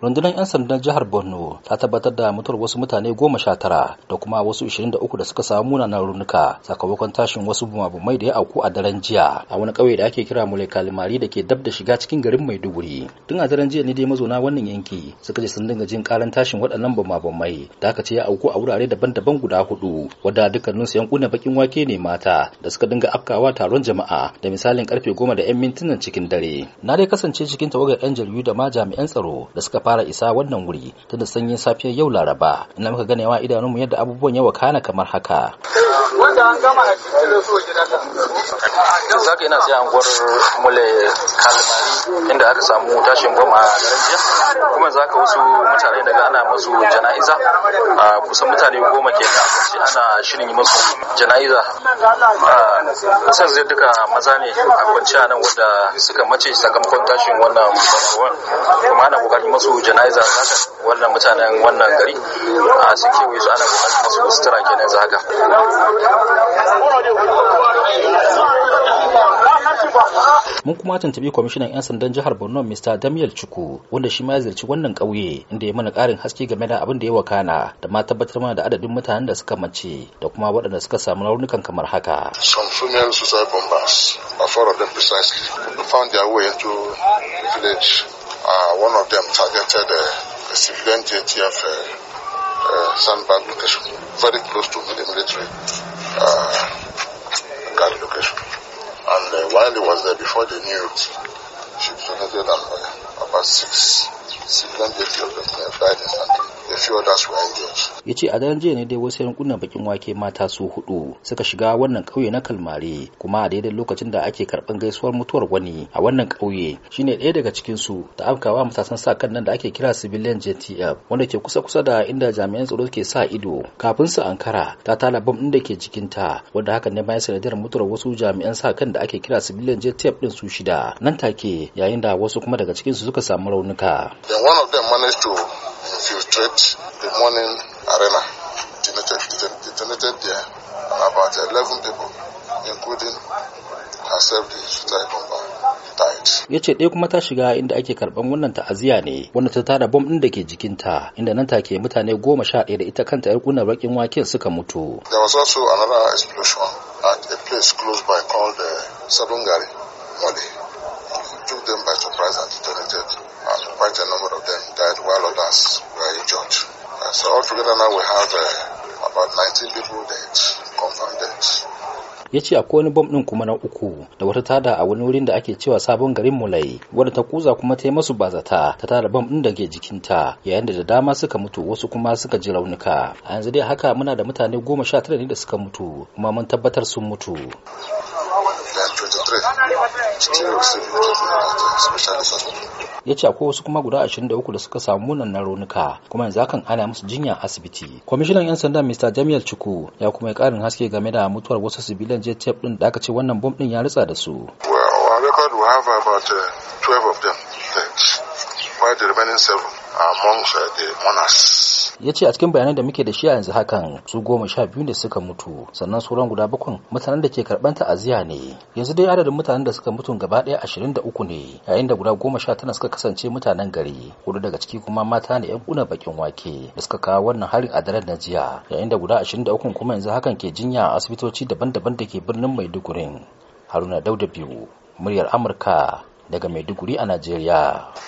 rundunar 'yan sandan jihar borno ta tabbatar da mutuwar wasu mutane goma sha tara da kuma wasu 23 da suka samu munanan raunuka sakamakon tashin wasu bumabumai da ya auku a daren jiya a wani ƙauye da ake kira mulai kalimari da ke dab da shiga cikin garin maiduguri tun a daren jiya ne dai mazauna wannan yanki suka ji sun dinga jin karan tashin waɗannan bumabumai da aka ce ya auku a wurare daban-daban guda hudu wadda dukkaninsu yankuna bakin wake ne mata da suka dinga afkawa taron jama'a da misalin karfe goma da 'yan mintunan cikin dare na dai kasance cikin tawagar 'yan jaridu da ma jami'an tsaro da suka fara isa wannan wuri tun da sanyin safiyar yau laraba ina muka ganewa idanunmu yadda abubuwan yawa kana kamar haka wanda an gama a cikin da gida ta zaka ina sai gwar mule kalmari inda aka samu tashin bom a garin jiya Za ka wasu mutane daga ana masu jana'iza kusan mutane goma ke da ana shirin yi masu jana'iza kusan zai duka maza ne a kwanciya nan wanda suka mace sakamakon tashin wannan kuma ana kokarin masu jana'iza za ka wannan mutanen wannan gari a sun kewaye su ana kokarin masu sutura kenan yanzu haka mun kuma tuntubi kwamishinan 'yan sandan jihar borno mr damiel chuku wanda shi ma ya ziyarci wannan ƙauye inda ya mana ƙarin haske game da abin da ya wakana da ma tabbatar mana da adadin mutanen da suka mace da kuma waɗanda suka samu raunukan kamar haka some female suicide bombers four of them precisely found their way into the village uh, one of them targeted a civilian JTF uh, uh, sandbag location very close to the military uh, While was there, before they knew it, she donated about six civilian baby of them uh, died instantly. yace Ya ce a daren jiya ne dai wasu kunnen bakin wake mata su hudu suka shiga wannan kauye na Kalmare kuma a daidai lokacin da ake karɓan gaisuwar mutuwar wani a wannan shi shine ɗaya daga cikin su da afkawa matasan sa kan nan da ake kira civilian JTF wanda ke kusa kusa da inda jami'an tsaro ke sa ido kafin su ankara ta tala bam ɗin da ke jikin ta wanda hakan ne bayan sanadiyar mutuwar wasu jami'an sa kan da ake kira civilian JTF din su shida nan take yayin da wasu kuma daga cikin su suka samu raunuka. infiltrate the morning arena, detonated, detonated there, and about 11 people, including herself, the suicide bomber. ya ce ɗaya kuma ta shiga inda ake karɓar wannan ta'aziyya ne wanda ta tara bom ɗin da ke jikinta inda nan take mutane goma sha ɗaya da ita kanta yar ƙunar baƙin waken suka mutu. there was also another explosion at a place close by called uh, sabungari mole took them by surprise and detonated and quite a number of them members were injured. Uh, so altogether now we have uh, about 19 people dead, confirmed dead. ya ce akwai wani bom din kuma na uku da wata tada a wani wurin da ake cewa sabon garin mulai wadda ta kuza kuma ta yi masu bazata ta tara bom din da ke jikinta yayin da da dama suka mutu wasu kuma suka ji raunuka a yanzu dai haka muna da mutane goma sha tara ne da suka mutu kuma mun tabbatar sun mutu ya ce akwai wasu kuma guda 23 da suka samu munanan raunuka kuma yanzu hakan ana musu jinya asibiti kwamishinan yan sanda mr jamiel chuku ya kuma yi karin haske game da mutuwar wasu sibilan jet tape din da aka ce wannan bom din ya ritsa da su While the remaining seven are amongst uh, ya ce a cikin bayanan da muke da shi a yanzu hakan su goma sha biyu ne suka mutu sannan sauran guda bakwai mutanen da ke karɓar ta'aziyya ne yanzu dai adadin mutanen da suka mutu gaba ɗaya ashirin da uku ne yayin da guda goma sha tana suka kasance mutanen gari wani daga ciki kuma mata ne yan kuna bakin wake da suka kawo wannan harin a daren na jiya yayin da guda ashirin da uku kuma yanzu hakan ke jinya a asibitoci daban-daban da ke birnin maiduguri haruna dauda biyu muryar amurka daga maiduguri a najeriya